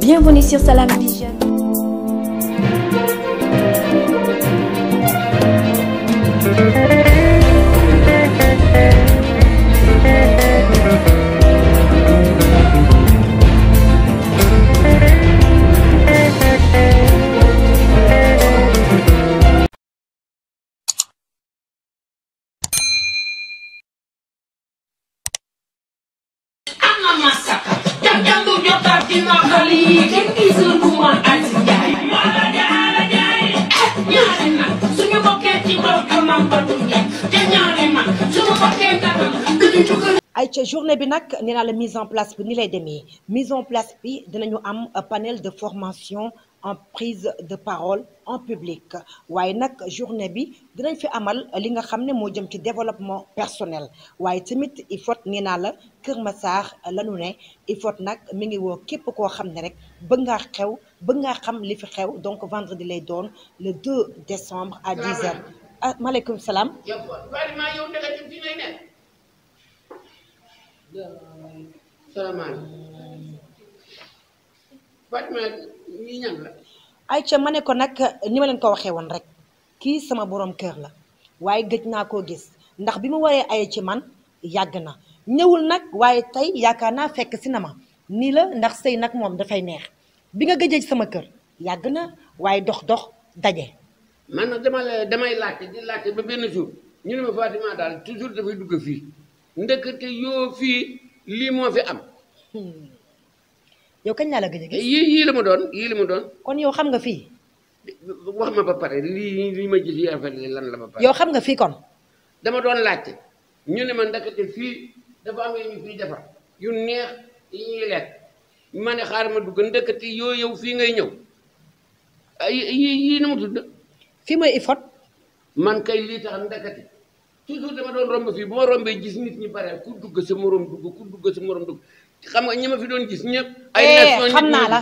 Bienvenue sur Salam Vision. Mama Saka. jaggandu jotaat journée bi nag nee naa la mise en place bi ni lay demee mise en place bi dinañu am panel de formation. en prise de parole en public waaye nag journée bi danañ fi amal li nga xam ne moo jëm ci développement personnel waaye tamit il faut nee naa la Kër Massar lañu ne il faut nag mi ngi woo képp koo xam ne rek bëgg ngaa xew bëgg ngaa xam li fi xew donc vendredi lay doon le 2 décembre à 10h. ah maaleykum salaam. Fatima ñi ñan la. ca ma ne ko nag ni ma leen ko waxee woon rek kii sama borom kër la waaye gëj naa koo gis ndax bi mu waree ay ci man yàgg na ñëwul nag waaye tey yaakaar naa fekk si na ma nii la ndax sëy nag moom dafay neex bi nga gëjee sama kër yàgg na waaye dox dox daje. man nag dama la damay laajte di laajte ba benn jour ñu ne ma Fatima daal toujours dafay dugg fii ndëkkate yoo fii lii moo fi am. Hmm. yow kañ laa la gëj a yii yii la mu doon yii la mu doon. kon yow xam nga fii. wax ma ba pare lii lii ma gis yi affaire yi lan la ba pare. xam nga fii kon. dama doon laajte ñu ne ma ndakate fii dafa am ñu fii defar yu neex yi ñuy ma ne xaaral ma yoo yow fii ngay ñëw ay yii nu mu tudd. fii mooy IFHOT. man kay lii tax ndakate toujours dama doon romb fii bu ma rombee gis nit ñi bare ku dugg sa morom dugg ku dugg sa morom dugg xam nga ñi ma fi doon gis ñëpp. ay eh, nations naa la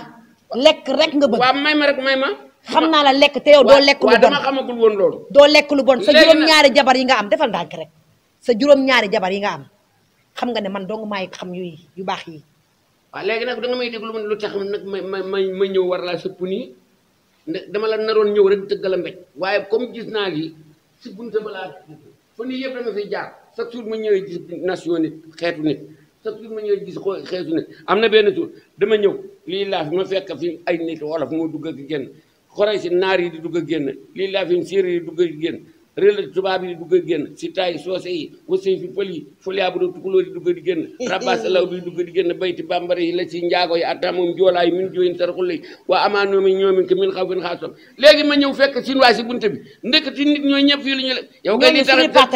lekk rek nga bëgg. waaw may ma rek may ma. xam naa la lekk te yow doo lekk lu bon woon loolu. doo lekk lu bon sa juróom-ñaari jabar yi nga am defal ndànk rek sa juróom-ñaari jabar yi nga xam nga ne man dong maay xam yu yu baax yi. waaw léegi nag danga may déglu lu tax nag ma ma ma ñëw war a laa sëpp nii dama la naroon ñëw rek dëgg la mbéj waaye comme gis naa lii si bunte balaa fa nii yëpp dama fiy jaar sa jour ma ñëwee gis nation nit xeetu nit. sa tur ma ñëw gis xeetu ne am na benn tur dama ñëw lii laa fi ma fekk fi ay nit wolof moo dugg ak génn xorey si naar yi di dugg ak génn lii laa fi séeréer yi dugg ak génn réel tubaab yi di dugg ak génn si taay soose yi wasey fi pël yi folia bu do tukulóor yi dugg di génn bi dugg di génn bayti bambara yi la si njaago yi atta moom joolaa yi min jooyin saraxul yi waa amaa noomi ñoomin ko min xaw fin xaasoon léegi ma ñëw fekk sin waa si bunt bi ndekk ti nit ñooy ñëpp fii lu ñu le yow kay li tax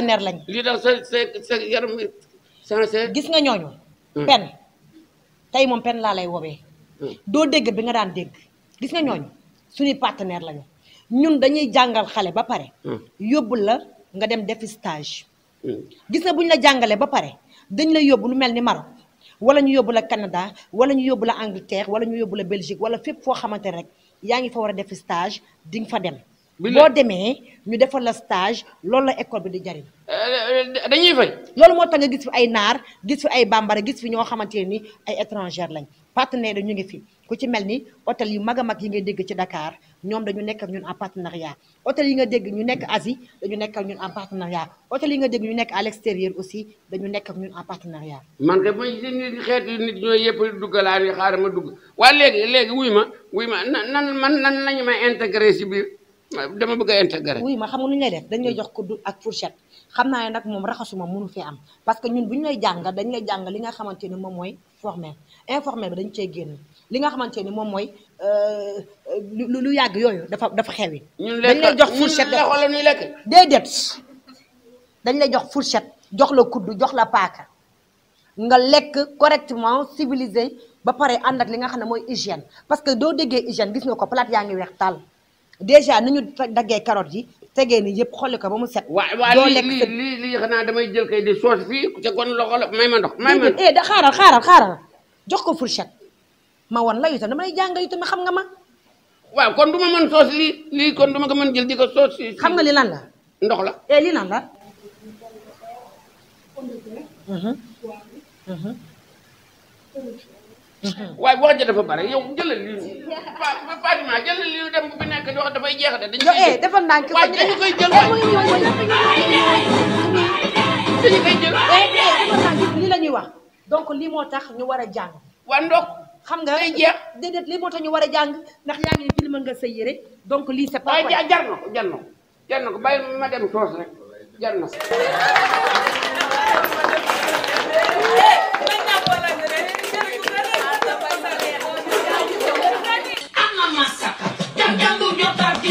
li tax sa sa sa yaram gis nga ñooñu. Hmm. pen tey moom pen laa lay woowee. Hmm. doo dégg bi nga daan dégg gis nga ñooñu suñuy partenaire lañu ñun dañuy jàngal xale ba pare. Hmm. yóbbu la nga dem defi gis nga bu ñu la jàngale ba pare dañ lay yóbbu lu mel ni Maroc wala ñu yóbbu la Canada wala ñu yóbbu la Angleterre wala ñu yóbbu la Belgique wala fépp foo xamante rek yaa ngi fa war a defi stage di nga fa dem. boo demee ñu defal la stage loolu la école bi di jariñ eh, dañuy fay. loolu moo tax nga gis fi ay naar gis fi ay bambara gis fi ñoo xamante ne ni ay étranger lañ partenaire ñu ngi fi ku ci mel ni hôtel yu mag a mag yi ngay dégg ci dakaar ñoom dañu nekk ak ñun en partenariat hôtel yi nga dégg ñu nekk Asie dañu nekk ak ñun en partenariat hôtel yi nga dégg ñu nekk à l'extérieur aussi dañu nekk ak ñun en partenariat. man de mooy si nit xeetu nit ñooy yëpp duggalaan yi xaaral ma dugg waaye léegi léegi wuy ma wuy ma nan man nan lañu ma intégré si dama bëgg a intégré. oui ma xam nga nu ñu lay def dañ lay jox kuddu ak fourchette xam naa ne nag moom raxasuma mënu fi am parce que ñun bu ñu lay jàngal dañ lay jàngal li nga xamante ni moom mooy formel informel bi dañu cee génn li nga xamante ni moom mooy euh, lu lu yàgg yooyu dafa dafa xewi. ñun dañ lay jox fourchette ñun lekk wala ñuy lekk. dañ lay jox fourchette jox la kuddu jox la paaka nga lekk correctement civilisé ba pare ànd ak li nga xam ne mooy hygiène parce que doo déggee hygiène gis nga ko plate yaa ngi weex tàll. déjà ni ñu daggee carotte yi tegee ni yëpp xolli ko ba mu set. doo lekk sa waaw lii lii xanaa damay jël kay di soos fii te kon loxo may ma ndox. may ma eh da xaaral xaaral xaaral jox ko fourchette ma wan la itam damay jàng itam xam nga ma. waaw kon duma ma mën soos lii lii kon du ma ko mën jël di ko soos. xam nga li lan la. ndox la eh li lan la. Mm-hmm. waaye wax ja dafa bare yow jëlal lii Fatima jëlal lii dem bu fi nekk di wax dafay jeex de dañu koy eh, jël dafa nànk waaye dañu koy jël waay dañu koy jël eh, eh, lii la ñuy wax donc lii moo tax ñu war a jàng waa ndox xam nga day jeex déedéet lii moo tax ñu war a jàng ndax yaa ngi ne film nga sa yére donc lii c'est pas waaye jar na ko jar na ko jar na ko bàyyi ma dem toos rek jar na ko